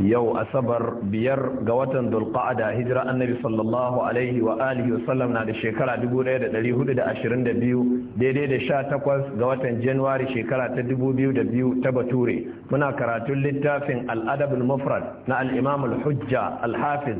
yau asabar biyar ga watan dulqa'ada hijira annabi sallallahu alaihi wa alihi wa sallam na da shekara 1422 daidai da 18 ga watan januwari shekara ta 2002 ta bature muna karatun littafin al-adab al-mufrad na al-imam al-hujja al-hafiz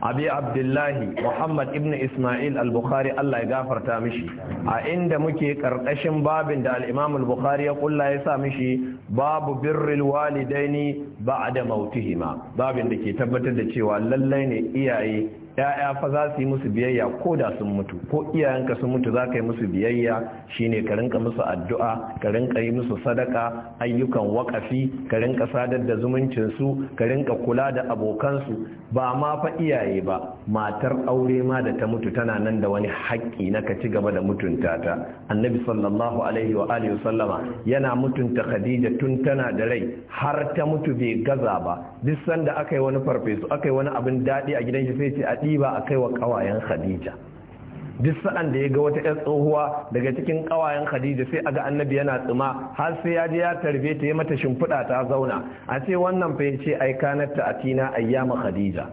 abi abdullahi muhammad ibn ismail al-bukhari allah ya gafarta mishi a inda muke karkashin babin da al-imam al-bukhari ya kulla ya sa mishi babu birril walidaini ba'da mautihima babin da ke tabbatar da cewa lallai ne iyaye ya'ya fa za su yi musu biyayya ko da sun mutu ko iyayenka sun mutu za ka yi musu biyayya shine ka rinka musu addu'a ka rinka yi musu sadaka ayyukan wakafi ka rinka sadar da zumuncinsu ka rinka kula da abokansu ba ma fa iyaye ba matar aure ma da ta mutu tana nan da wani haƙƙi na ka ci gaba da mutunta ta annabi sallallahu alaihi wa alihi sallama yana mutunta khadija tun tana da rai har ta mutu bai gaza ba duk sanda aka yi wani farfesu aka yi wani abin daɗi a gidan shi sai ce a ɗiba a kai wa ƙawayen khadija duk sa'an da ya ga wata 'yar tsohuwa daga cikin ƙawayen khadija sai a ga annabi yana tsima har sai ya je ya tarbe ta ya mata shimfiɗa ta zauna a ce wannan fa yace ai kanar ta atina ayyama khadija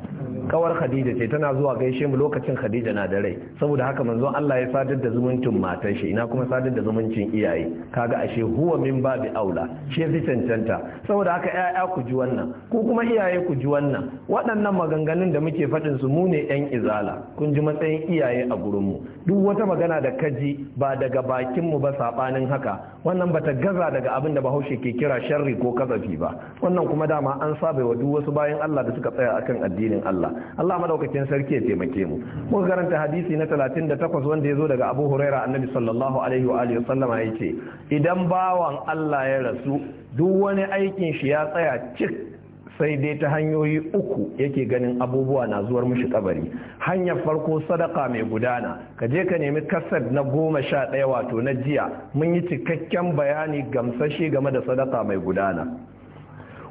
kawar khadija ce tana zuwa gaishe mu lokacin khadija na da rai saboda haka manzon Allah ya sadar da zumuncin matar shi ina kuma sadar da zumuncin iyaye kaga ashe huwa min babi aula shi zai cancanta saboda haka ƴaƴa ku ji wannan ko kuma iyaye ku ji wannan waɗannan maganganun da muke faɗin su mu ne ƴan izala kun ji matsayin iyaye a gurin mu duk wata magana da kaji ba daga bakinmu ba saɓanin haka wannan bata gaza daga abin da Bahaushe ke kira sharri ko kazafi ba wannan kuma dama an saba wa duk wasu bayan Allah da suka tsaya akan addinin Allah Allah madaukakin sarki ya taimake mu Mun karanta hadisi na 38 wanda ya zo daga Abu Huraira annabi sallallahu alaihi wa alihi sallama yace idan bawan Allah ya rasu duk wani aikin shi ya tsaya cik sai dai ta hanyoyi uku yake ganin abubuwa na zuwar mushi kabari hanyar farko sadaka mai gudana ka je ka nemi kasar na goma sha ɗaya wato na jiya mun yi cikakken bayani gamsashe game da sadaka mai gudana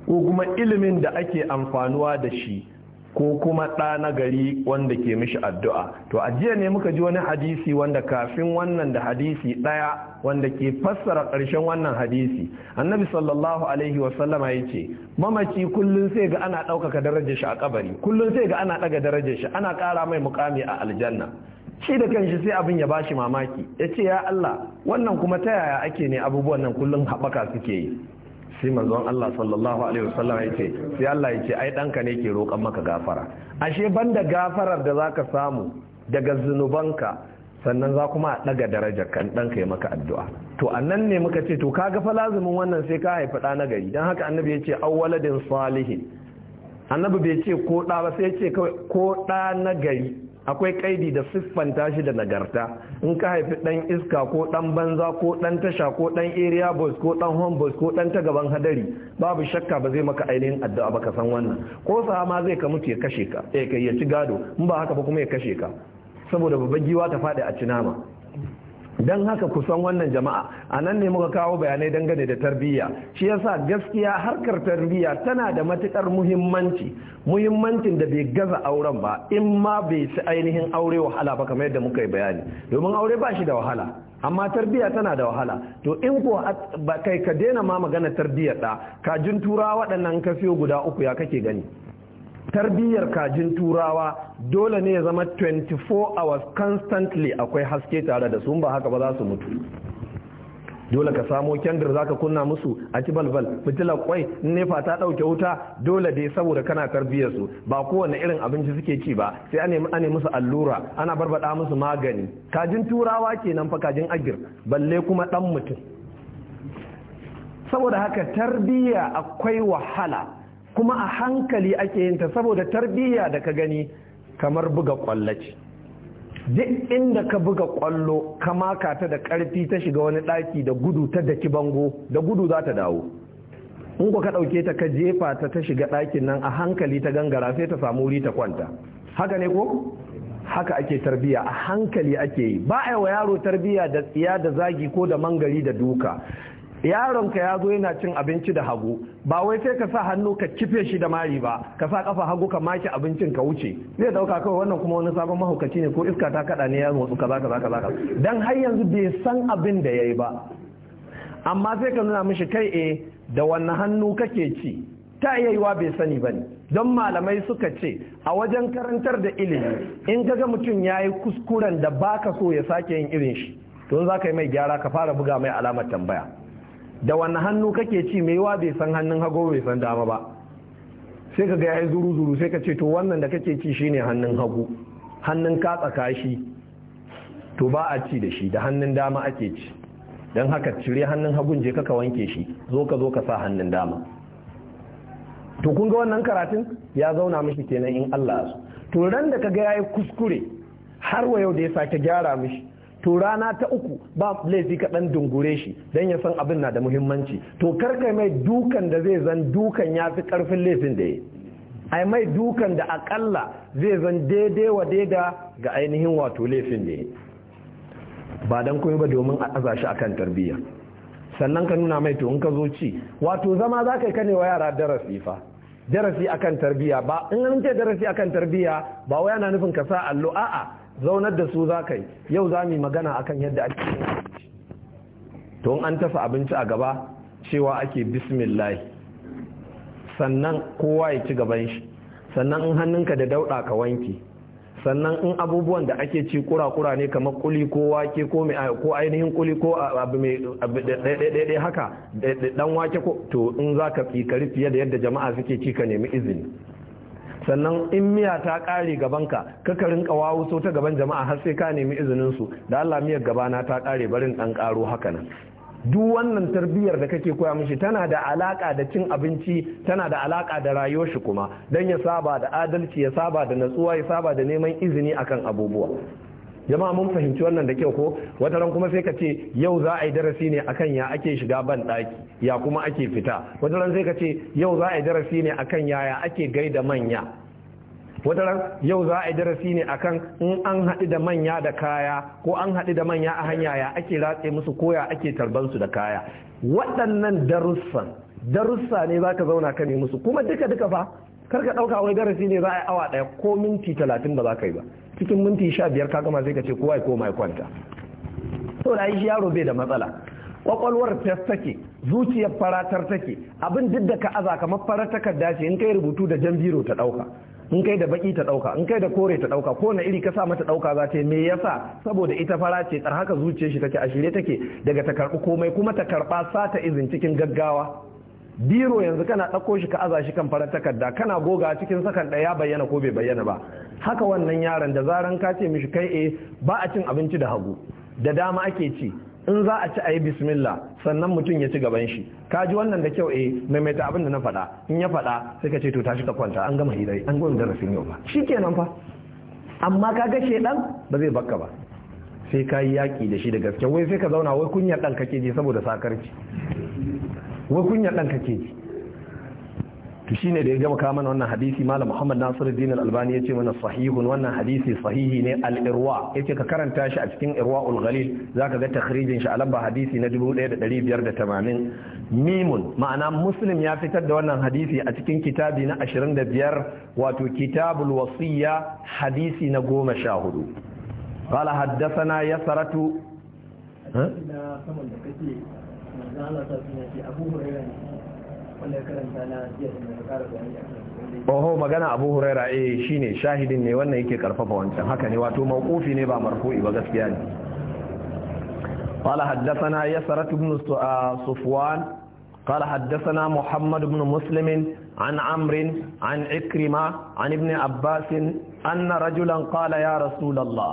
ko kuma ilimin da ake amfanuwa da shi ko kuma ɗa na gari wanda ke mishi addu'a to a jiya ne muka ji wani hadisi wanda kafin wannan da hadisi ɗaya wanda ke fassara ƙarshen wannan hadisi annabi sallallahu alaihi wasallama ya ce mamaci kullum sai ga ana ɗaukaka darajar shi a kabari kullum sai ga ana ɗaga darajar shi ana ƙara mai mukami a aljanna shi da kanshi sai abin ya bashi mamaki ya ce ya Allah wannan kuma ta yaya ake ne abubuwan nan kullum haɓaka suke yi sai manzon Allah sallallahu alaihi wasallam ya ce sai Allah ya ce ai danka ne ke roƙan maka gafara ashe banda gafarar da zaka samu daga zunubanka sannan za kuma a daga darajar kan danka ya maka addu'a to annan ne muka ce to kaga fa lazumin wannan sai ka haifi da na gari dan haka annabi ya ce awwaladin salihin annabi bai ce ko da ba sai ya ce ko da na gari akwai kaidi da siffanta shi da nagarta in ka haifi dan iska ko dan banza ko dan tasha ko dan area boys ko dan home boys ko dan ta gaban hadari babu shakka ba zai maka ainihin addu'a ba ka san wannan ko sa ma zai ka mutu ya kashe ka eh kai ya ci gado in ba haka ba kuma ya kashe ka saboda babban giwa ta fadi a cinama don haka kusan wannan jama'a a nan ne muka kawo bayanai dangane da tarbiyya shi yasa gaskiya harkar tarbiyya tana da matukar muhimmanci muhimmancin da bai gaza auren ba in ma bai ci ainihin aure wahala ba kamar yadda muka yi bayani domin aure ba shi da wahala amma tarbiyya tana da wahala to in ko kai ka daina ma magana tarbiyyar da kajin turawa waɗannan ka guda uku ya kake gani tarbiyyar kajin turawa dole ne ya zama 24 hours constantly akwai haske tare da sun ba haka ba za su mutu dole ka samo kyandir ka kunna musu a ci balbal fitilar kwai nefa ta dauke wuta dole dai saboda kana tarbiyyar su ba kowane irin abinci suke ci ba sai a ne musu allura ana barbada musu magani kajin turawa kenan fa kajin agir balle kuma dan mutum saboda haka tarbiyya akwai wahala kuma a hankali ake yin ta saboda tarbiyya da ka gani kamar buga kwallaci duk inda ka buga kwallo ka maka ta da karfi ta shiga wani daki da gudu ta daki bango da gudu za ta dawo in ka ɗauke ta ka jefa ta ta shiga ɗakin nan a hankali ta gangara sai ta samu wuri ta kwanta haka ne ko haka ake tarbiya a hankali ake yi ba a wa yaro tarbiya da tsiya da zagi ko da mangari da duka yaronka ya zo yana cin abinci da hagu ba wai sai ka sa hannu ka kife shi da mari ba ka sa kafa hagu ka maki abincin ka wuce zai dauka kawai wannan kuma wani sabon mahaukaci ne ko iska ta kada ne ya motsu kaza kaza kaza dan har yanzu bai san abin da yayi ba amma sai ka nuna mishi kai eh da wannan hannu kake ci ta iya bai sani bane don malamai suka ce a wajen karantar da ilimi in kaga mutum ya yi kuskuren da baka so ya sake yin irin shi to za ka yi mai gyara ka fara buga mai alamar tambaya da wani hannu kake ci mai yawa bai san hannun hagu bai san dama ba sai ka ga zuru zuru sai ka ce to wannan da kake ci shine hannun hagu hannun ka tsaka to ba a ci da shi da hannun dama ake ci don haka cire hannun hagun je kaka wanke shi zo ka zo ka sa hannun dama to kun ga wannan karatun ya zauna mishi kenan in Allah su to ran da ka ga yayi kuskure har wa yau da ya sake gyara mishi to rana ta uku ba laifi kaɗan dungure shi don ya san abin na da muhimmanci to karka mai dukan da zai zan dukan ya fi ƙarfin laifin da ya ai mai dukan da aƙalla zai zan daidai wa daida ga ainihin wato laifin da ya ba don kuma ba domin a aza shi akan tarbiyya sannan ka nuna mai to in ka zo ci wato zama za ka yi wa yara darasi fa darasi akan tarbiyya ba in an ce darasi akan tarbiyya ba wai ana nufin ka sa allo a'a zaunar da su za ka yi yau za mu magana akan yadda ake yin abinci to an tafa abinci a gaba cewa ake bismillah sannan kowa ya ci gaban shi sannan in hannunka da dauɗa ka wanke sannan in abubuwan da ake ci kura-kura ne kamar kuli ko wake ko ainihin kuli ko abu mai ɗaiɗaiɗai haka ɗan wake ko to in za ka kari fiye da yadda jama'a suke ci ka nemi izini sannan in miya ta ƙare gabanka ka rinka wawuso ta gaban jama'a har sai ka nemi izinin su da Allah miyar gabana ta kare barin dan karo haka nan duk wannan tarbiyyar da kake koya mishi tana da alaka da cin abinci tana da alaka da rayuwar shi kuma dan ya saba da adalci ya saba da natsuwa ya saba da neman izini akan abubuwa jama'a mun fahimci wannan da kyau ko wata ran kuma sai ka ce yau za a yi darasi ne akan ya ake shiga ban daki ya kuma ake fita wata ran sai ka ce yau za a yi darasi ne akan ya ake gaida manya wata ran yau za a yi darasi ne akan in an haɗu da manya da kaya ko an haɗu da manya a hanya ya ake ratse musu ko ya ake tarban su da kaya waɗannan darussan darussa ne za ka zauna ka musu kuma duka duka fa kar ka ɗauka wai darasi ne za a yi awa ɗaya ko minti talatin ba za ka yi ba cikin minti sha biyar ka gama sai ka ce kowa ya koma kwanta to da shi yaro bai da matsala kwakwalwar fes take zuciyar faratar take abin duk da ka aza kamar farar takarda ce in kai rubutu da jan biro ta ɗauka in kai da baki ta dauka in kai da kore ta dauka ko na iri ka sa mata dauka za ta yi me yasa saboda ita fara ce tsar haka zuciyar shi take a shirye take daga ta karbi komai kuma ta karba sata izin cikin gaggawa biro yanzu kana ɗauko shi ka aza shi kan farar takarda kana goga cikin sakan ɗaya bayyana ko bai bayyana ba haka wannan yaron da zaran ka ce mishi kai eh ba a cin abinci da hagu da dama ake ci in za a ci a yi bismillah sannan mutum ya ci gaban shi ka ji wannan da kyau eh maimaita abin da na faɗa in ya faɗa sai ka ce to tashi ka kwanta an gama hirai an gama darasin yau ba shikenan fa amma ka ga shedan ba zai bakka ba sai ka yi yaƙi da shi da gaske wai sai ka zauna wai kunyar dan kake ji saboda sakarci wai kunya dan kake ji to shine da ya gama kawo mana wannan hadisi malam Muhammad Nasiruddin Al-Albani yace mana sahihun wannan hadisi sahihi ne al-Irwa yace ka karanta shi a cikin Irwaul Ghalil zaka ga takhrijin shi alabba hadisi na 1580 mimun ma'ana Muslim ya fitar da wannan hadisi a cikin kitabi na 25 wato Kitabul Wasiyya hadisi na 14 قال حدثنا يسرة ها Oho magana Abu Huraira eh shine shahidin ne wannan yake karfafa wancan haka ne wato mauqufi ne ba marfu'i ba gaskiya ne قال حدثنا يسرة بن صفوان قال حدثنا محمد بن مسلم عن عمرو عن عكرمة عن ابن عباس أن رجلا قال يا رسول الله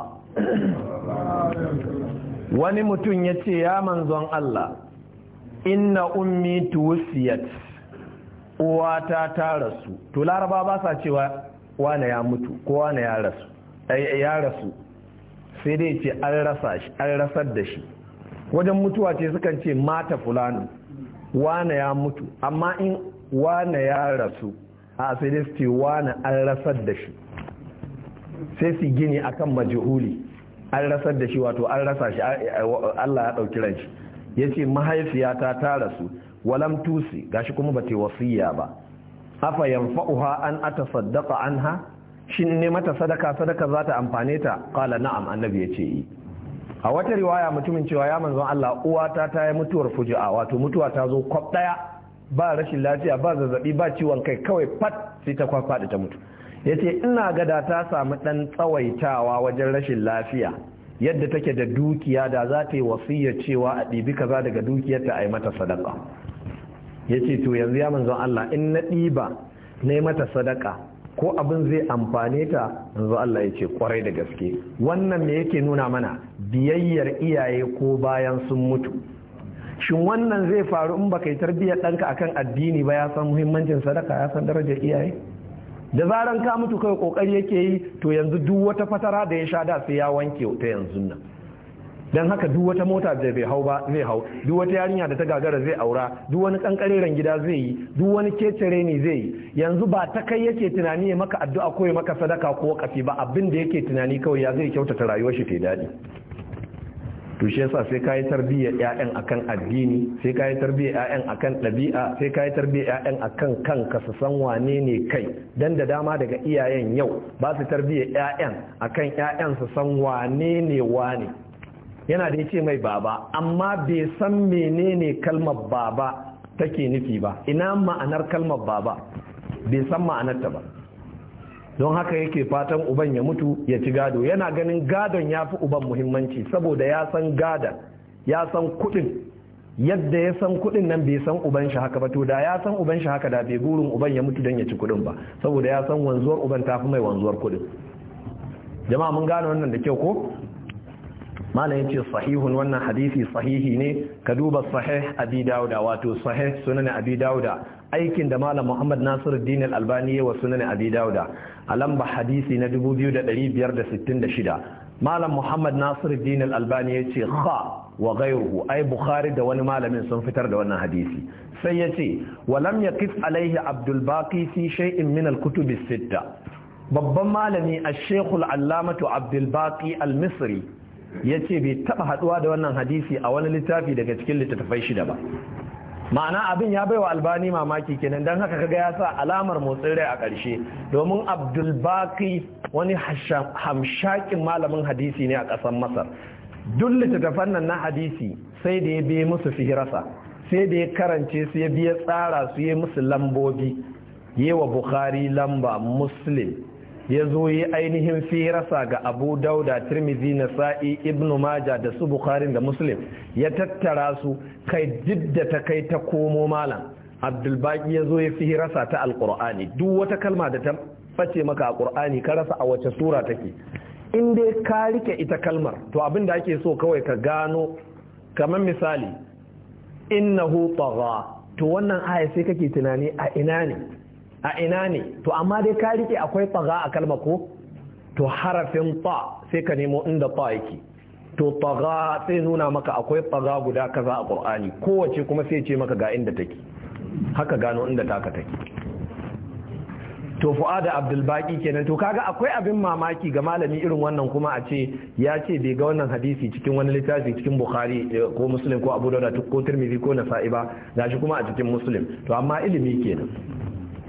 ونمتن يتي يا منزون الله inna ummi tuwfiyat uwata ta rasu to laraba ba sa cewa wane ya mutu ko wane ya rasu ya rasu sai dai ce an rasa shi an rasar da shi wajen mutuwa ce sukan ce mata fulani wane ya mutu amma in wane ya rasu a sai dai su ce wane an rasar da shi sai su gini akan majihuli an rasar da shi wato an rasa shi Allah ya ɗauki ranshi yace mahaifiyata ta rasu walam tusi gashi kuma ba bata wasiya ba afa yanfa'uha an atasaddaqa anha shin ne mata sadaka sadaka za ta amfane ta qala na'am annabi yace yi eh. a wata riwaya mutumin cewa ya manzon Allah uwata ta yi mutuwar fuji'a wato mutuwa ta zo kwab daya ba rashin lafiya ba zazzabi ba ciwon kai kawai fat sai ta kwafa ta mutu yace ina gada ta samu dan tsawaitawa wajen rashin lafiya yadda take da dukiya da za ta yi wasiya cewa a ɗibi kaza daga dukiyarta a yi mata sadaka ya ce to yanzu ya manzon Allah in na ɗiba na yi mata sadaka ko abin zai amfane ta manzon Allah ya ce kwarai da gaske wannan me yake nuna mana biyayyar iyaye ko bayan sun mutu shin wannan zai faru in baka yi tarbiyyar ɗanka akan addini ba ya san muhimmancin sadaka ya san darajar iyaye da zaran ka mutu kai kokari yake yi to yanzu duk wata fatara da ya sha da sai ya wanke ta yanzu nan dan haka duk wata mota da bai hau ba zai hau duk wata yarinya da ta gagara zai aura duk wani kankareren gida zai yi duk wani kecere ne zai yi yanzu ba ta kai yake tunani ya maka addu'a ko ya maka sadaka ko kafi ba abin da yake tunani kawai ya zai kyautata rayuwar shi ta daɗi to shi yasa sai kayi tarbiyya ƴaƴan akan addini sai kayi tarbiyya ƴaƴan akan ɗabi'a sai kayi tarbiyya ƴaƴan akan kanka su san wane ne kai dan da dama daga iyayen yau ba su tarbiyya ƴaƴan akan ƴaƴan su san wane ne wane yana da yace mai baba amma bai san menene kalmar baba take nufi ba ina ma'anar kalmar baba bai san ma'anarta ba don haka yake fatan uban ya mutu ya ci gado yana ganin gadon ya fi uban muhimmanci saboda ya san gada ya san kuɗin yadda ya san kuɗin nan bai san uban shi haka ba to da ya san uban shi haka da bai burin uban ya mutu don ya ci kuɗin ba saboda ya san wanzuwar uban ta fi mai wanzuwar kuɗi. jama'a mun gane wannan da kyau ko malam yace sahihun wannan hadisi sahihi ne ka duba sahih abi dauda wato sahih sunan abi dauda aikin da malam muhammad Nasiru al-albani wa sunan abi dauda a lamba hadisi na 2566 malam muhammad Nasiru al-albani ce ha wa gairu ai bukhari da wani malamin sun fitar da wannan hadisi sai ya ce wa lam kif alaihi abdul fi shay'in min al sitta babban malami a shekul allamatu abdulbaki baqi al-misri ce bai taba haduwa da wannan hadisi a wani littafi daga cikin littattafai shida ba ma'ana abin ya baiwa albani mamaki kenan don haka kaga ya sa alamar motsin rai a ƙarshe domin abdulbaki wani hamshakin malamin hadisi ne a ƙasar masar duk littattafan nan na hadisi sai da ya biya musu fihirasa sai da ya karance su ya biya tsara su ya musu lambobi yi wa bukhari lamba muslim ya zo yi ainihin firasa ga abu dauda tirmizi na sa'i ibnu maja da su bukharin da muslim ya tattara su kai duk ta kai ta komo malam abdulbaki ya zo ya rasa ta alkur'ani duk wata kalma da ta face maka a ƙur'ani ka rasa a wace sura take in dai ka rike ita kalmar to abin da ake so kawai ka gano kamar misali innahu tagha to wannan aya sai kake tunani a ina ne a ina ne to amma dai ka rike akwai tsaga a kalma ko to harafin ta sai ka nemo inda ta yake to tsaga sai nuna maka akwai tsaga guda kaza a qur'ani kowace kuma sai ce maka ga inda take haka gano inda taka take to fu'ada abdul baqi kenan to kaga akwai abin mamaki ga malami irin wannan kuma a ce ya ce bai ga wannan hadisi cikin wani littafi cikin bukhari eh, ko muslim ko abu dauda ko tirmidhi ko nasa'i ba gashi kuma a cikin muslim to amma ilimi kenan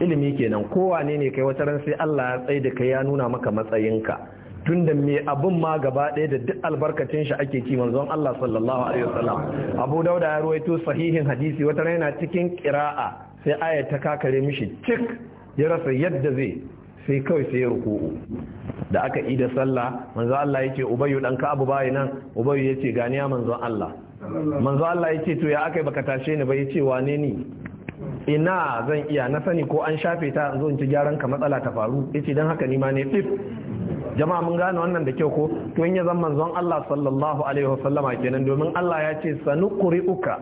ilimi kenan kowa ne kai wata ran sai Allah ya tsaye da kai ya nuna maka matsayinka tunda me abun ma gaba ɗaya da duk albarkacin shi ake ci manzon Allah sallallahu alaihi wasallam Abu Dauda ya ruwaito sahihin hadisi wata ran yana cikin qira'a sai aya ta kakare mishi cik ya rasa yadda zai sai kawai sai ruku'u da aka yi da sallah manzon Allah yake ubayyu dan abu bai nan ubayyu yace gani ya manzon Allah manzo Allah yace to ya akai baka tashe ni ba yace wane ni ina zan iya na sani ko an shafe ta zo in ci gyaran ka matsala ta faru yace dan haka ni ma ne jama'a mun gane wannan da kyau ko to in ya zan manzon Allah sallallahu alaihi wa sallama kenan domin Allah ya ce sanuqri'uka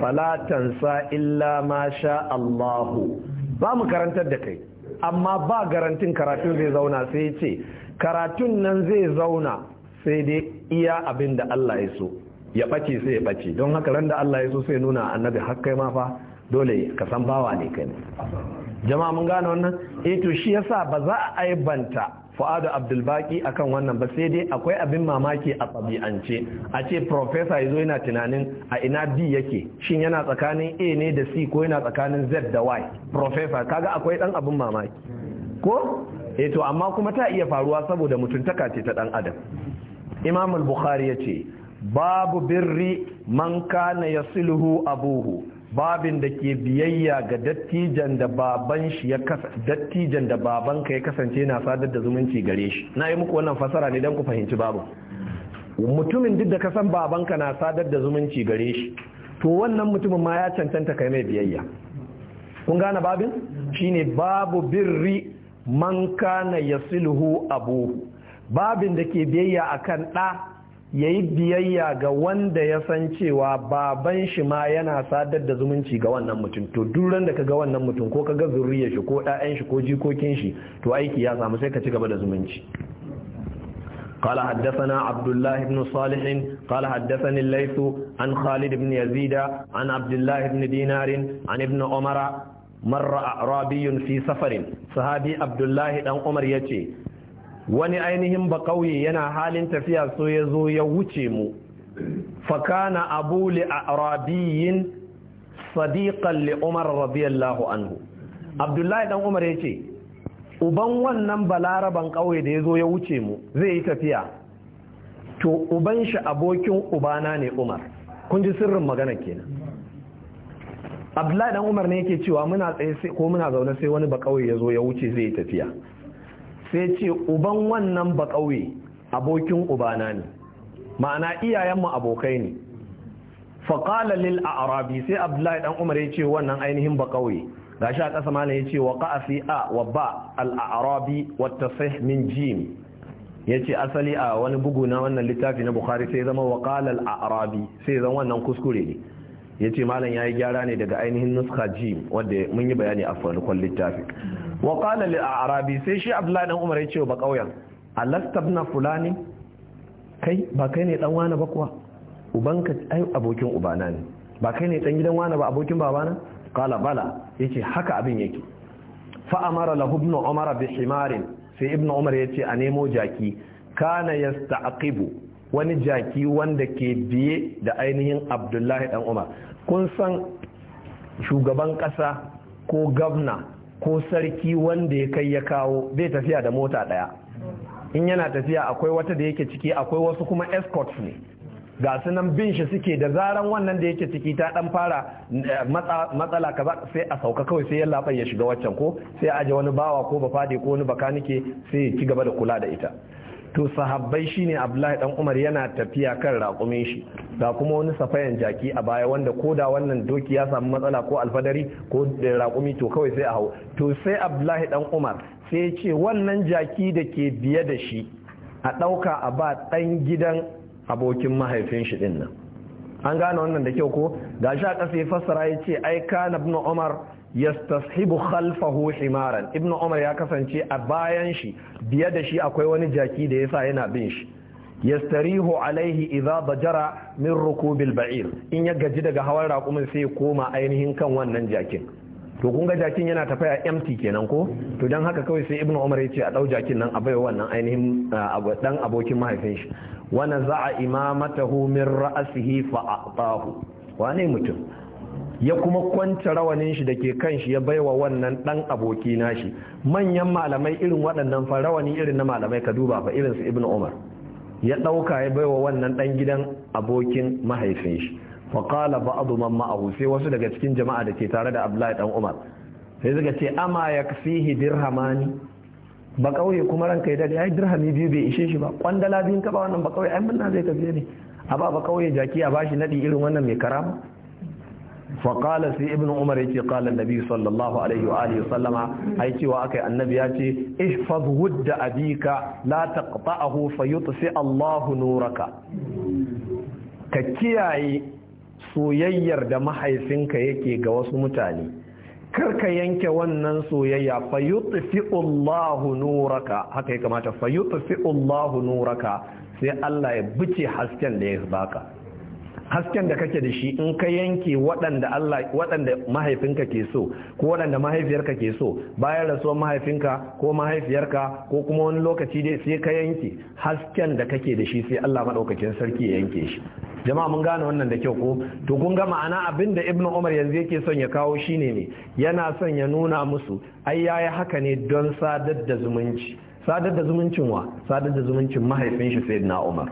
fala tansa illa ma sha Allah ba mu karantar da kai amma ba garantin karatu zai zauna sai ce karatun nan zai zauna sai dai iya abin da Allah ya so ya ɓace sai ya ɓace don haka ran da Allah ya so sai nuna annabi har kai ma fa dole ka san bawa ne kai jama'a mun gane wannan eh to shi yasa ba za a aibanta fu'adu abdulbaki akan wannan ba sai dai akwai abin mamaki a tsabi'ance a ce profesa yazo yana tunanin a ina b yake shin yana tsakanin a ne da c ko yana tsakanin z da y profesa kaga akwai dan abin mamaki ko eh to amma kuma ta iya faruwa saboda mutuntaka ce ta dan adam Imamul al-bukhari yace babu birri man kana yasiluhu abuhu babin da ke biyayya ga dattijan da baban shi ya dattijan da babanka ya kasance na sadar da zumunci gare shi na yi muku wannan fasara ne don ku fahimci babu mutumin duk da ka san babanka na sadar da zumunci gare shi to wannan mutumin ma ya cancanta kai mai biyayya kun gane babin shine babu birri man kana yasiluhu abu babin da ke biyayya akan ɗa ya yi biyayya ga wanda ya san cewa baban shi ma yana sadar da zumunci ga wannan mutum to duran da ka ga wannan mutum ko ka ga zurriya shi ko ɗayan shi ko jikokin shi to aiki ya samu sai ka ci gaba da zumunci قال حدثنا عبد الله بن صالح قال حدثني الليث عن خالد بن يزيد عن عبد الله بن دينار عن ابن عمر مر أعرابي في سفر صحابي عبد الله بن عمر يتي wani ainihin ba kauye yana halin tafiya so ya zo ya wuce mu fakana abu li arabiyin sadiqan li umar radiyallahu anhu abdullahi dan umar ya ce uban wannan balaraban kauye da ya zo ya wuce mu zai yi tafiya to uban shi abokin ubana ne umar kun ji sirrin magana kenan abdullahi dan umar ne yake cewa muna tsaye ko muna zaune sai wani ba kauye ya zo ya wuce zai yi tafiya sai ce uban wannan ba abokin ubana ne ma'ana iyayenmu abokai ne faƙala lil a arabi sai abdullahi dan umar ya ce wannan ainihin ba ga shi a ƙasa malam ya ce wa ƙa'a fi a wa ba al arabi wa min jim ya ce asali a wani bugu na wannan littafi na bukhari sai zama wa ƙalal a arabi sai zama wannan kuskure ne ya ce malam ya yi gyara ne daga ainihin nuska jim wadda mun yi bayani a farkon littafi wa qala li arabi sai shi abdullahi dan umar ya ce ba kauyen alasta ibn fulani kai ba kai ne dan wani ba kuwa ubanka ai abokin ubana ne ba kai ne dan gidan wani ba abokin babana kala bala yace haka abin yake fa amara lahu ibn umar bi himar sai ibn umar ya ce a nemo jaki kana yasta'qibu wani jaki wanda ke biye da ainihin abdullahi dan umar kun san shugaban kasa ko gwamna ko sarki wanda ya kai ya kawo zai tafiya da mota ɗaya in yana tafiya akwai wata da yake ciki akwai wasu kuma escorts ne ga su nan bin shi suke da zaran wannan da yake ciki ta dan fara eh, matsala kaza sai a sauka kawai sai yalla ya shiga waccan ko sai a aje wani bawa ko bafade ko wani bakanike sai ya ci gaba da kula da ita to sahabbai shine abdullahi dan umar yana tafiya kan raƙumin shi ga kuma wani safayan jaki a baya wanda ko da wannan doki ya samu matsala ko alfadari ko da raƙumi to kawai sai a hau to sai abdullahi dan umar sai ce wannan jaki da ke biye da shi a ɗauka a ba ɗan gidan abokin mahaifin shi an gane wannan da kyau ko ga sha ƙasa ya fassara ya ce ai kana ibn umar yastashibu khalfahu himaran ibnu umar ya kasance a bayan shi biye da shi akwai wani jaki da yasa yana bin shi yastarihu alaihi idza bajara min rukubil ba'ir in ya gaji daga hawan raƙumin sai koma ainihin kan wannan jakin to kun ga jakin yana tafiya empty kenan ko to dan haka kawai sai ibnu umar yace a dau jakin nan a baiwa wannan ainihin dan ah, abokin mahaifin shi wa naza'a imamatahu min ra'sihi fa wane mutum ya kuma kwance rawanin shi da ke kan shi ya baiwa wannan dan aboki nashi manyan malamai irin waɗannan fa rawani irin na malamai ka duba fa irin su ibnu umar ya ɗauka ya baiwa wannan dan gidan abokin mahaifin shi fa qala ba'd man ma'ahu sai wasu daga cikin jama'a da ke tare da abdullahi dan umar sai suka ce ama yakfihi dirhamani ba kauye kuma ranka ya dade ai dirhami biyu bai ishe shi ba kwandala biyun ka ba wannan ba kauye ai na zai tafiye ne a ba ba kauye jaki a bashi nadi irin wannan mai karama faƙala sai ibn umar yake ƙalar nabi sallallahu alaihi wa alihi sallama ai cewa akai annabi ya ce ihfaz wudda abika la taqta'ahu fayutsi Allahu nuraka ka kiyaye soyayyar da mahaifinka yake ga wasu mutane kar ka yanke wannan soyayya fayutsi Allahu nuraka haka ya kamata fayutsi Allahu nuraka sai Allah ya bice hasken da ya baka hasken da kake da shi in ka yanke waɗanda Allah waɗanda mahaifinka ke so ko waɗanda mahaifiyarka ke so bayan rasuwar mahaifinka ko mahaifiyarka ko kuma wani lokaci dai sai ka yanke hasken da kake da shi sai Allah madaukakin sarki ya yanke shi jama'a mun gane wannan da kyau ko to kun ga ma'ana abin da ibnu Umar yanzu yake son ya kawo shine ne yana son ya nuna musu ai yayi haka ne don sadar da zumunci sadar da zumuncin wa sadar da zumuncin mahaifin shi Sayyidina Umar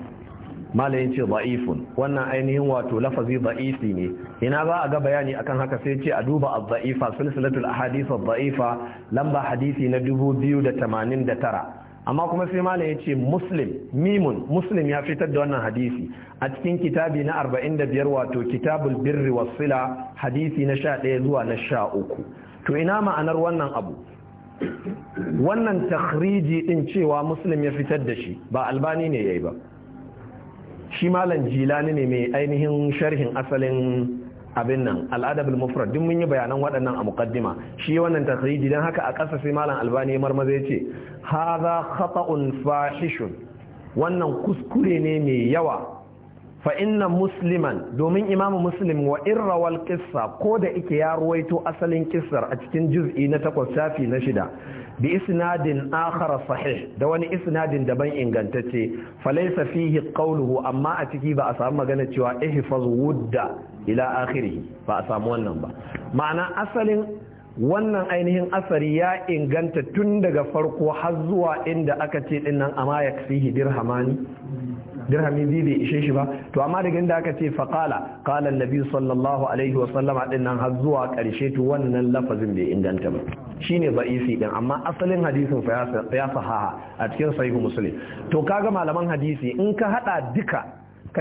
malayin ce da'ifun wannan ainihin wato lafazi za'ifi ne ina za a ga bayani akan haka sai ce a duba ad-da'ifa silsilatul ahadith ad-da'ifa lamba hadisi na 2089 amma kuma sai malayin ce muslim mimun muslim ya fitar da wannan hadisi a cikin kitabi na 45 wato kitabul birri wasila hadisi na 11 zuwa na 13 to ina ma'anar wannan abu wannan takhriji din cewa muslim ya fitar da shi ba albani ne yayi ba shi malam jilani ne mai ainihin sharhin asalin abin nan al'adabul mufrad duk mun yi bayanan waɗannan a muqaddima shi wannan takhriji dan haka a ƙasa sai malam albani ya marmaza yace hadha khata'un fahishun wannan kuskure ne mai yawa fa inna musliman domin imam muslim wa wal qissa ko da yake ya ruwaito asalin kissar a cikin juz'i na takwas safi na shida bi isnadin akhar sahih da wani isnadin daban ingantacce falaysa fihi qawluhu amma a ciki ba a samu magana cewa ihfaz wudda ila akhirih ba a samu wannan ba ma'ana asalin wannan ainihin asari ya inganta tun daga farko har zuwa inda aka ce dinnan amma fihi dirhamani dirhami biyu bai ishe shi ba to amma daga inda aka ce faqala qala annabi sallallahu alaihi wa sallam din nan har zuwa karshe to wannan lafazin bai inganta ba shine ba'isi din amma asalin hadisin fa ya sahaha a cikin sahihu muslim to kaga malaman hadisi in ka hada duka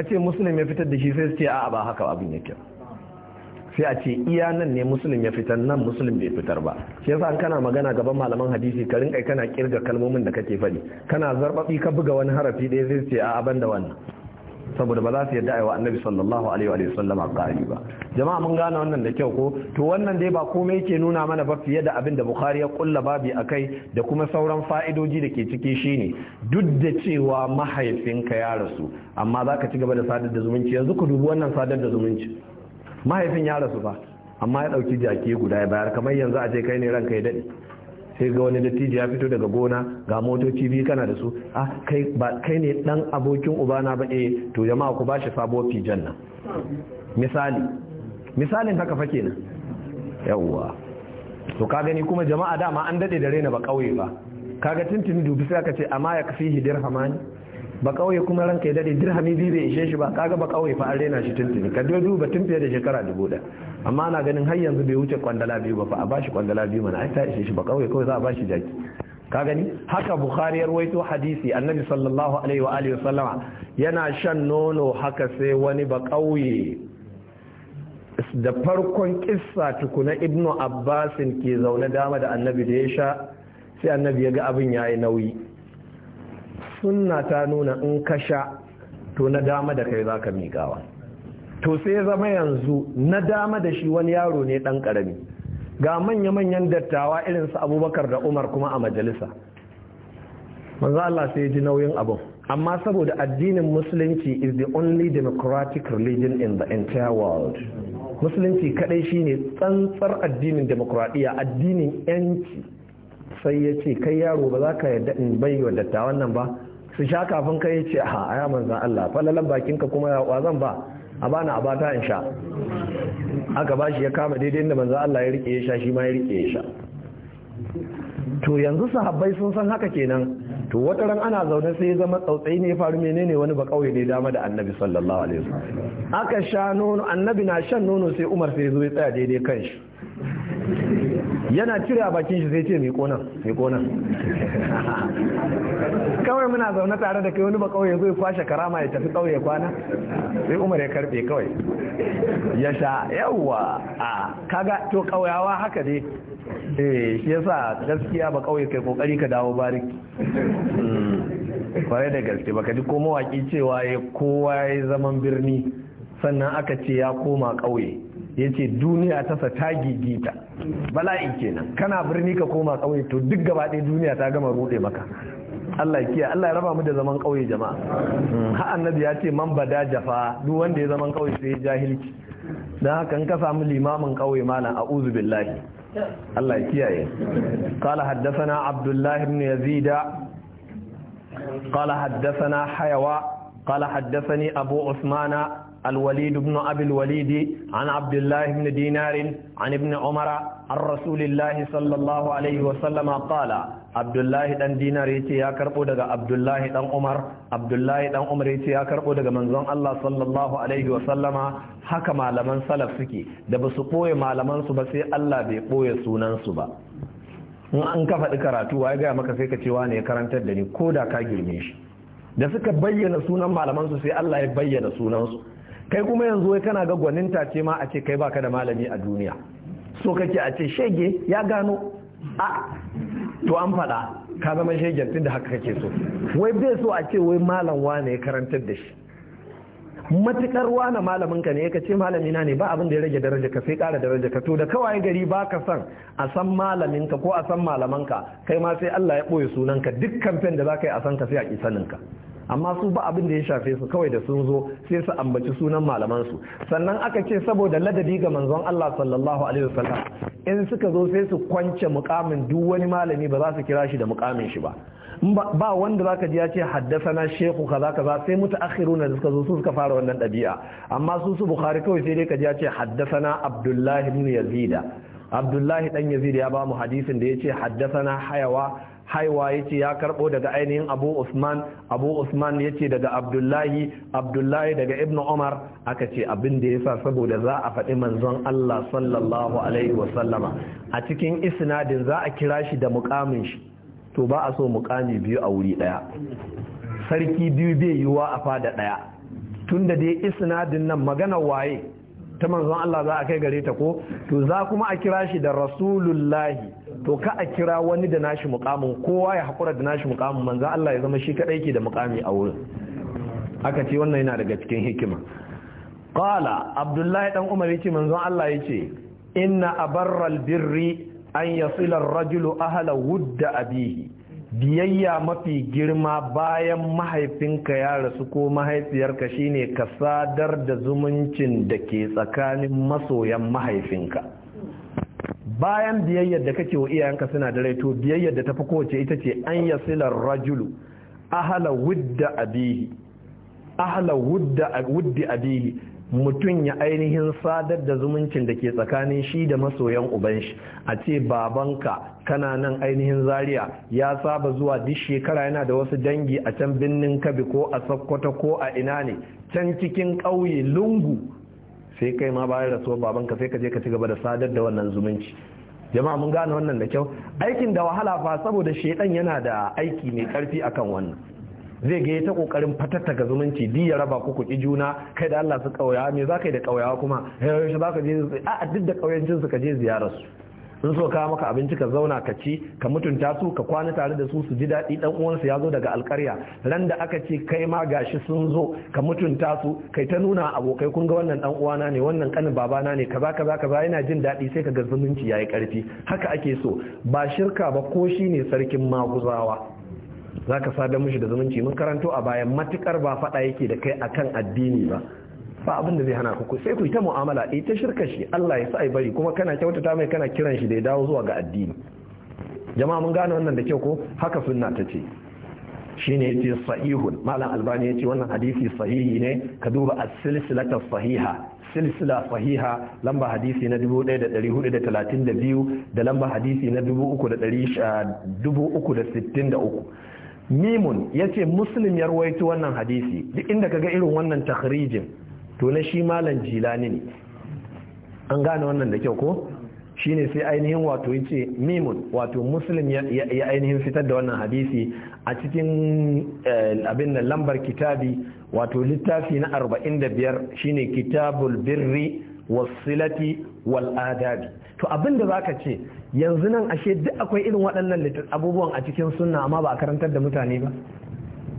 ce muslim ya fitar da shi sai su ce a'a ba haka abin yake ba sai a ce iya nan ne musulun ya fitar nan musulun bai fitar ba shi yasa an kana magana gaban malaman hadisi ka rinka kana kirga kalmomin da kake faɗi kana zarbabi ka buga wani harafi ɗaya zai ce a aban da wannan saboda ba za su yadda aiwa annabi sallallahu alaihi wa sallam qali ba jama'a mun gane wannan da kyau ko to wannan dai ba komai yake nuna mana ba fiye da abin da bukhari ya kulla babi akai da kuma sauran fa'idoji da ke ciki shine duk da cewa mahaifinka ya rasu amma zaka ci gaba da sadar da zumunci yanzu ku dubi wannan sadar da zumunci mahaifin ya rasu ba amma ya ɗauki jaki guda ya bayar kamar yanzu a ce kai ne ranka ya daɗe sai ga wani dattijo ya fito daga gona ga motoci biyu kana da su ah kai ba kai ne dan abokin ubana ba eh to jama'a ku bashi sabuwar fijan nan misali misalin haka fa kenan yawwa to ka gani kuma jama'a dama an dade da raina ba kauye ba kaga tuntuni dubi sai aka ce amma ya hidir hamani ba kauye kuma ranka ya dade dirhami biyu bai ishe shi ba kaga ba kauye fa an rena shi tuntuni ka dodo ba tun fiye da shekara dubu da amma ana ganin har yanzu bai wuce kwandala biyu ba fa a bashi kwandala biyu mana ai ta ishe shi ba kauye kawai za a bashi jaki ka gani haka bukhari ya rawaito hadisi annabi sallallahu alaihi wa alihi wasallama yana shan nono haka sai wani ba kauye da farkon kissa tukuna ibnu abbasin ke zaune dama da annabi da ya sha sai annabi ya ga abin yayi nauyi sunna ta nuna in ka sha to na dama da kai zaka miƙawa to sai zama yanzu na dama da shi wani yaro ne dan karami ga manya-manyan dattawa irin su abubakar da umar kuma a majalisa manzo Allah sai ya ji nauyin abin amma saboda addinin musulunci is the only democratic religion in the entire world musulunci kadai shine tsantsar addinin demokradiya addinin yanci sai ya ce kai yaro ba za ka yarda in bai wa dattawan nan ba su sha kafin kai ya ce a ya manzan Allah falalan bakinka kuma ya zan ba a bana a bata in sha aka ba shi ya kama daidai inda manza Allah ya rike ya sha shi ma ya rike ya sha to yanzu sahabbai sun san haka kenan to wata ran ana zaune sai ya zama tsautsayi ne faru menene wani ba kauye ne dama da annabi sallallahu alaihi wasallam aka sha nono annabi na shan nono sai Umar sai ya zo ya tsaya daidai kan shi yana cire a bakin shi sai ce mai kona mai kona kawai muna zaune tare da kai wani ba kauye zai kwashe karama ya tafi kauye kwana sai umar ya karbe kawai ya sha yawa a kaga to kauyawa haka dai eh shi yasa gaskiya ba kauye kai kokari ka dawo bariki kwarai hmm, da gaske baka ji ko mawaki cewa ya kowa ya zaman birni sannan aka ce ya koma kauye ya ce duniya tasa ta gigita bala'i kenan kana birni ka koma ƙauye to duk gaba ɗaya duniya ta gama rude maka Allah kiya Allah ya raba mu da zaman ƙauye jama'a mm. ha annabi ya ce man bada jafa duk wanda ya zaman ƙauye sai ya jahilci dan haka in ka samu limamin ƙauye malam a'udhu billahi Allah ya kiyaye qala haddathana abdullah ibn yazida qala haddathana hayawa qala haddathani abu usmana الوليد بن أبي الوليد عن عبد الله بن دينار عن ابن عمر عن رسول الله صلى الله عليه وسلم قال عبد الله بن دينار يا عبد الله بن عمر عبد الله بن عمر يا Allah sallallahu alaihi وسلم haka malaman salaf suke da basu boye malaman su ba sai Allah bai boye sunansu ba in an ka faɗi karatu wai gaya maka sai ka cewa ne karantar da ni ko da ka girme shi da suka bayyana sunan malamansu sai Allah ya bayyana sunansu. kai kuma yanzu wai kana ga gwaninta ce ma a ce kai baka da malami a duniya so kake a ce shege ya gano a to an faɗa ka zama shegen tun da haka kake so wai bai so a ce wai malam wane ya karantar da shi matukar wane malamin ka ne ka ce malami na ne ba abin da ya rage daraja ka sai ƙara daraja ka to da kawai gari ba ka san a san malamin ka ko a san malaman ka kai ma sai Allah ya boye sunan ka duk kamfen da za ka yi a san ka sai a ƙi saninka. amma su ba abin da ya shafe su kawai da sun zo sai su ambaci sunan malaman sannan aka ce saboda ladabi ga manzon Allah sallallahu alaihi wasallam in suka zo sai su kwance mukamin duk wani malami ba za su kira shi da mukamin shi ba ba wanda zaka ji ya ce haddasana shehu kaza kaza sai mutaakhiruna da suka zo su suka fara wannan dabi'a amma su su bukhari kawai sai dai ka ji ya ce haddasana abdullahi ibn yazida abdullahi dan yazid ya ba mu hadisin da yace haddasana hayawa haiwa ce ya karbo daga ainihin Abu Usman Abu Usman ya ce daga Abdullahi Abdullahi daga ibnu Umar aka ce abin da sa saboda za a faɗi manzon Allah sallallahu alaihi wasallama a cikin isnadin za a kira shi da mukamin shi to ba a so mukami biyu a wuri ɗaya sarki biyu bai yiwa a fada daya tunda dai isnadin nan magana waye ta manzon Allah za a kai gare ta ko to za kuma a kira shi da rasulullahi to ka a kira wani da nashi mukamin kowa ya hakura da nashi mukamin manzo Allah ya zama shi kadai ke da mukami a wurin aka ce wannan yana daga cikin hikima qala abdullahi Ɗan umar yace manzon Allah yace inna abarral birri an yasila ar-rajulu ahla wudda abihi biyayya mafi girma bayan mahaifinka ya rasu ko mahaifiyarka shine ka sadar da zumuncin da ke tsakanin masoyan mahaifinka bayan biyayyar da kake wa iyayenka suna da biyayyar da tafi kowace ita ce an silar rajulu ahala wudda abihi ahala wudda wudda abihi mutum ya ainihin sadar da zumuncin da ke tsakanin shi da masoyan uban shi a ce babanka kana nan ainihin zaria ya saba zuwa duk shekara yana da wasu dangi a can birnin kabi ko a sakkwata ko a ina ne can cikin ƙauye lungu sai kai ma bayan rasuwar babanka sai ka je ka ci gaba da sadar da wannan zumunci jama'a mun gane wannan da kyau aikin da wahala fa saboda shedan yana da aiki mai karfi akan wannan zai ga ta kokarin fatattaka zumunci di ya raba ku kuɗi juna kai da Allah su kauya me zaka yi da kauyawa kuma yaushe zaka je a duk da kauyancin su ka je ziyarar su Sun so kawo maka abinci ka zauna ka ci ka mutunta su ka kwana tare da su su ji daɗi ɗan uwansu ya zo daga alƙarya ran da aka ce kai ma gashi sun zo ka mutunta su kai ta nuna abokai kun ga wannan ɗan uwana ne wannan kanin babana ne kaza kaza kaza yana jin daɗi sai ka ga zumunci yi ƙarfi haka ake so ba shirka ba ko shi ne sarkin maguzawa zaka sadar mishi da zumunci mun karanto a bayan matukar ba faɗa yake da kai akan addini ba ba abin da zai hana ku sai ku yi ta mu'amala ita eh, shirka shi Allah ya sa ai bari kuma kana kyautata mai kana kiran shi da ya dawo zuwa ga addini jama'a mun gane wannan da kyau ko haka sunna ta ce shine yace sahihun malam albani ya ce wannan hadisi sahihi ne ka duba as-silsilatu sahiha silsila sahiha lamba hadisi na 1432 da lamba hadisi na 3363 ah, mimun yace muslim ya ruwaito wannan hadisi duk inda ka ga irin wannan takhrijin to na shi malam jilani ne an gane wannan da kyau ko Shi ne sai ainihin wato ce mimun wato muslim ya ainihin fitar da wannan hadisi a cikin eh, abin nan lambar kitabi wato littafi na arba'in da 45 shine kitabul birri wasilati wal to abin da za ka ce yanzu nan ashe duk akwai irin waɗannan abubuwan a cikin sunna amma ba a karantar da mutane ba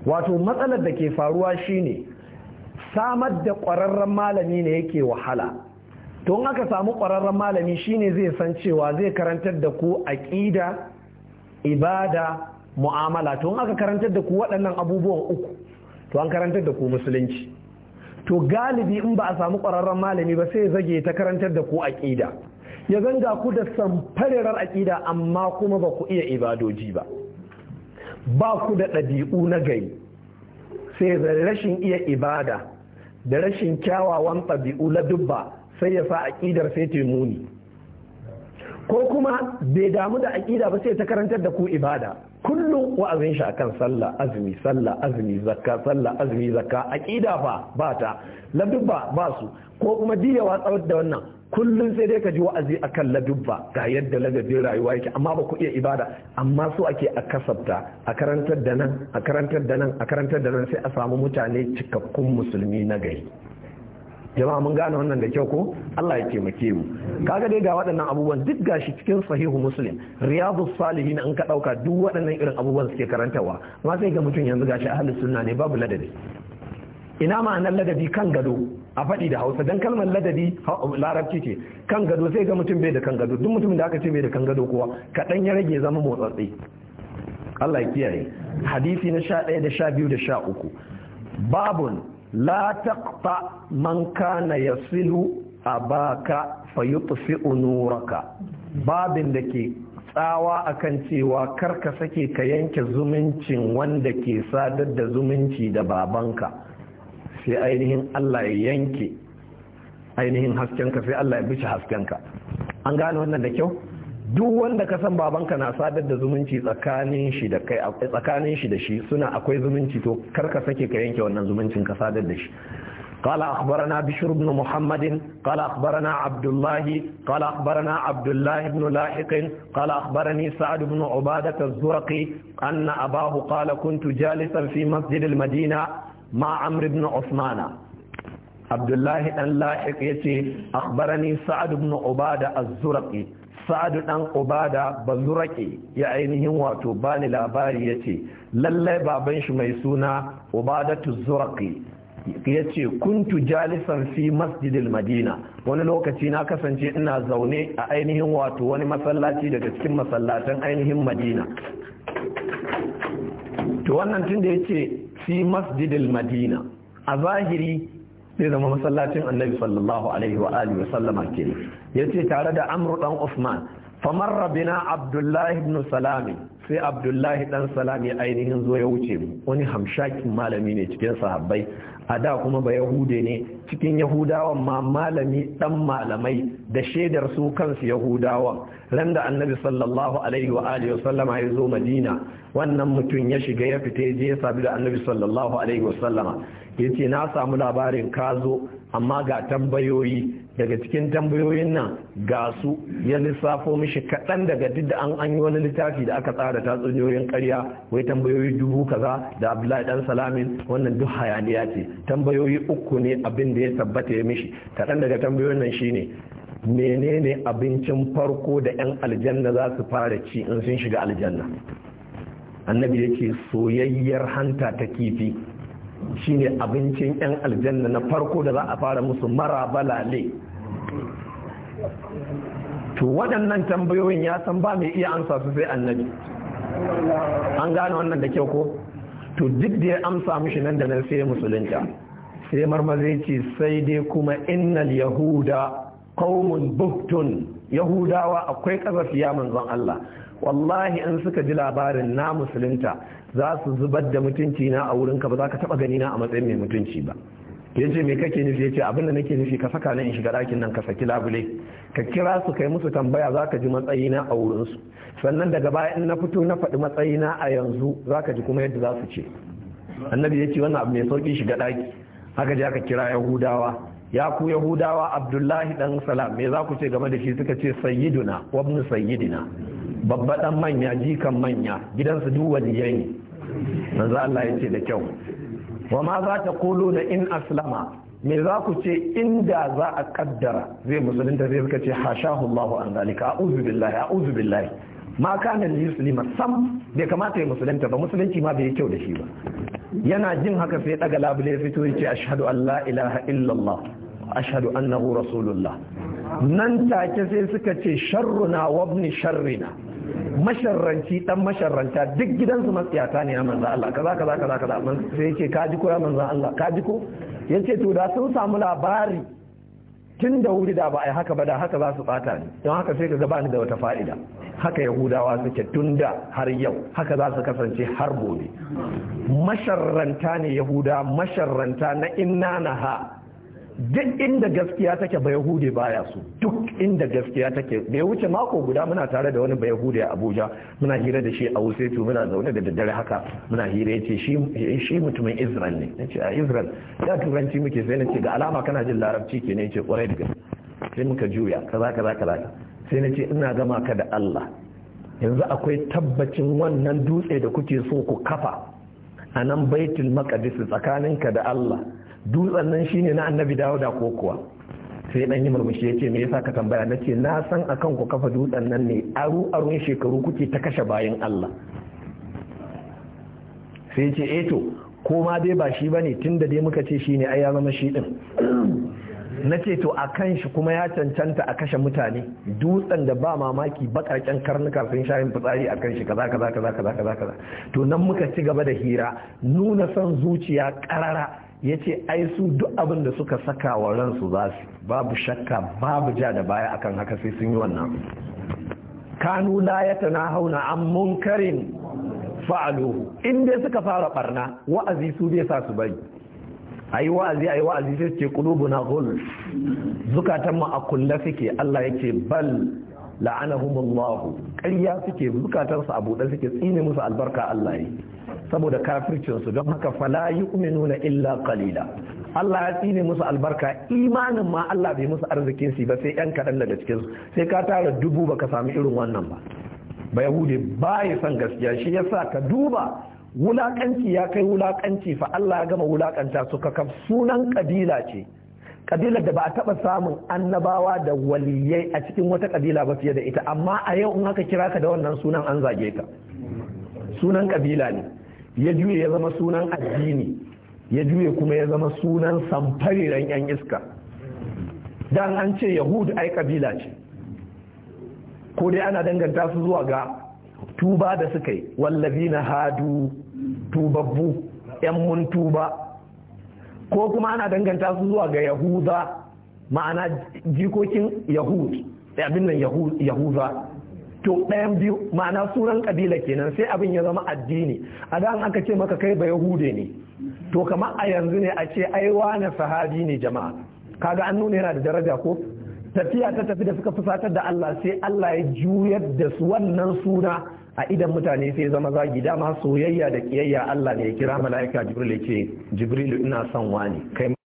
wato matsalar da ke faruwa shine samar da ƙwararren malami ne yake wahala to aka samu ƙwararren malami shine zai san cewa zai karantar da ku aƙida ibada mu'amala to aka karantar da ku waɗannan abubuwan uku to an karantar da ku musulunci to galibi in ba a samu ƙwararren malami ba sai zage ta karantar da ku aƙida ya zanga ku da samfarerar aƙida amma kuma ba ku iya ibadoji ba ba ku da ɗabi'u na gari sai rashin iya ibada da rashin kyawawan ɗabi'u na dubba sai ya sa aƙidar sai ta muni ko kuma bai damu da aƙida ba sai ta karantar da ku ibada kullum wa'azin shi kan sallah azumi sallah azumi zakka sallah azumi zakka aƙida fa ba ta ladubba ba su ko kuma diyawa watsar da wannan kullum sai dai ka ji wa'azi a kan ladubba ga yadda ladabin rayuwa yake amma ba ku iya ibada amma so ake a kasabta a karantar da nan a karantar da nan a karantar da nan sai a samu mutane cikakkun musulmi na gari jama'a mun gane wannan da kyau ko Allah ya taimake mu kaga dai ga waɗannan abubuwan duk gashi cikin sahihu muslim riyadu salihin an ka ɗauka duk waɗannan irin abubuwan suke karantawa amma sai ga mutum yanzu gashi ahlus sunna ne babu ladabi ina ma'anar ladabi kan gado a faɗi da hausa don kalmar ladabi larabci ce kan gado sai ga mutum bai da kan gado duk mutumin da aka ce bai da kan gado kuwa kaɗan ya rage zama motsatsi Allah ya kiyaye hadisi na sha ɗaya da sha biyu da sha uku babun la taqta man kana yasilu abaka fayutfi'u nuraka babin da ke tsawa akan cewa karka sake ka yanke zumuncin wanda ke sadar da zumunci da babanka sai ainihin Allah ya yanke ainihin haskenka sai Allah ya bice haskenka an gane wannan da kyau duk wanda ka san babanka na sadar da zumunci tsakanin shi da kai tsakanin shi da shi suna akwai zumunci to kar ka sake ka yanke wannan zumuncin ka sadar da shi قال أخبرنا بشر بن محمد قال أخبرنا عبد الله قال أخبرنا عبد الله بن لاحق قال أخبرني سعد بن عبادة الزرقي أن أباه قال كنت جالسا في مسجد المدينة ma amr ibn usmana abdullahi dan lahiq yace akhbarani sa'ad ibn ubada az Sa'adu sa'ad dan ubada bazuraki ya ainihin wato bani labari yace lalle baban shi mai suna ubadatu zurqi yace kuntu jalisan fi masjidil madina wani lokaci na kasance ina zaune a ainihin wato wani masallaci daga cikin masallatan ainihin madina to wannan tun da yace fi masjidil madina a zahiri zai zama masallacin annabi sallallahu alaihi wa alihi wasallama ke yace tare da amru dan usman famar rabina abdullahi ibn salami sai abdullahi dan salam ya ainihin zo ya wuce wani hamshakin malami ne cikin sahabbai a da kuma ba yahude ne cikin yahudawan ma malami dan malamai da shaidar su kansu yahudawan ran da annabi sallallahu alaihi wa alihi wasallama ya zo madina wannan mutum ya shiga ya fita ya je ya sabi da annabi sallallahu alaihi wasallama yace na samu labarin ka zo amma ga tambayoyi daga cikin tambayoyin nan ga su ya lissafo mishi kaɗan daga duk da an an yi wani littafi da aka tsara tatsuniyoyin ƙarya wai tambayoyi dubu kaza da abdullahi dan salamin wannan duk hayaniya ce tambayoyi uku ne abin da ya tabbata ya mishi kaɗan daga tambayoyin nan shine menene abincin farko da 'yan aljanna za su fara ci in sun shiga aljanna annabi yake soyayyar hanta ta kifi shine abincin 'yan aljanna na farko da za a fara musu mara balale to waɗannan tambayoyin ya san ba mai iya amsa su sai annabi an gane wannan da kyau ko to duk da ya amsa mishi nan da nan sai musulunta sai marmazai ce sai dai kuma innal yahuda qaumun buhtun yahudawa akwai ya manzon Allah wallahi in suka ji labarin na musulunta za su zubar da mutunci na a wurinka ba za ka taba gani na a matsayin mai mutunci ba ya ce me kake nufi ya ce abinda nake nufi ka saka na in shiga ɗakin nan ka saki labule ka kira su kai musu tambaya za ka ji matsayina a wurinsu sannan daga baya in na fito na faɗi matsayina a yanzu za ka ji kuma yadda za su ce annabi ya ce wannan abu mai sauƙi shiga ɗaki haka je aka kira yahudawa ya ku yahudawa abdullahi dan salam me za ku ce game da shi suka ce sayyiduna wa ibn sayyidina babba dan manya jikan manya gidansu duk waliyai ne manzo Allah ya ce da kyau wa ma za ta kolo da in aslama me za ku ce inda za a kaddara zai musulunta zai suka ce hashahu Allahu an zalika a billahi a'udhu billahi ma kana muslima sam bai kamata ya musulunta ba musulunci ma bai yi kyau da shi ba yana jin haka sai daga labule ya fito yace ashhadu an la ilaha illallah ashhadu annahu rasulullah nan take sai suka ce sharruna wa ibn sharrina masharranci dan masharranta duk gidansu matsiyata ne a manzo Allah kaza kaza kaza kaza sai yace kaji ko ya manzo Allah kaji ko yace to da sun samu labari tun da wuri da ba a yi haka ba da haka za su bata ni don haka sai ka gaba ni da wata fa'ida haka yahudawa suke tun har yau haka za su kasance har gobe masharranta ne yahuda masharranta na inna na duk inda gaskiya take ba yahude baya su duk inda gaskiya take bai wuce mako guda muna tare da wani ba yahude a abuja muna hira da shi a wusetu muna zaune da daddare haka muna hira ya ce shi mutumin israel ne ya ce a israel ya turanci muke sai na ce ga alama kana jin larabci ke ne ya ce kwarai da sai muka juya kaza kaza kaza sai na ce ina gama ka da allah yanzu akwai tabbacin wannan dutse da kuke so ku kafa a nan baitul maqdis tsakaninka da allah dutsen nan shine na annabi dawuda ko kuwa sai dan yi murmushi ya ce me yasa ka tambaya na ce na san akan ku kafa dutsen nan ne aru arun shekaru kuke ta kashe bayan Allah sai ce eh to ko ma dai ba shi bane tunda dai muka ce shine ai ya zama shi din na ce to a kan shi kuma ya cancanta a kashe mutane dutsen da ba mamaki bakaken karnuka sun sha yin fitsari a kan shi kaza kaza kaza kaza kaza to nan muka ci gaba da hira nuna son zuciya karara ya ce ai su duk abin da suka saka wa ransu za su babu shakka babu ja da baya akan haka sai sun yi wannan kanu la ya na hauna an munkarin fa'aluhu in dai suka fara barna wa'azi su bai sa su bari yi wa'azi yi wa'azi sai ce kulubuna na zukatan mu a kulle suke Allah yake bal la'anahumullahu ƙarya suke zukatarsu a buɗe suke tsine musu albarka Allah yi saboda su don haka fala yu'minuna illa qalila Allah ya tsine musu albarka imanin ma Allah bai musu arzikin su ba sai yan kaɗan daga cikin su sai ka tara dubu baka samu irin wannan ba ba yahudi ba ya san gaskiya shi yasa ka duba wulakanci ya kai wulakanci fa Allah ya gama wulakanta su ka sunan kabila ce kabilar da ba a taba samun annabawa da waliyai a cikin wata kabila ba fiye da ita amma a yau in aka kira ka da wannan sunan an zage ka sunan kabila ne ya juye ya zama sunan addini ya juye kuma ya zama sunan samfariran yan iska dan an ce yahud ai kabila ce ko dai ana danganta su zuwa ga tuba da suka yi wallazina hadu tubabbu yan mun tuba ko kuma ana danganta su zuwa ga yahuza ma'ana jikokin yahud abin nan yahuza to ɗayan biyu ma'ana sunan kabila kenan sai abin ya zama addini a da aka ce maka kai ba yahude ne to kama a yanzu ne a ce ai wane sahabi ne jama'a kaga an nuna yana da daraja ko tafiya ta tafi da suka fusatar da Allah sai Allah ya juyar da su wannan suna a idan mutane sai zama zagi dama soyayya da kiyayya Allah ne ya kira mala'ika Jibril ya ce Jibril ina son wani kai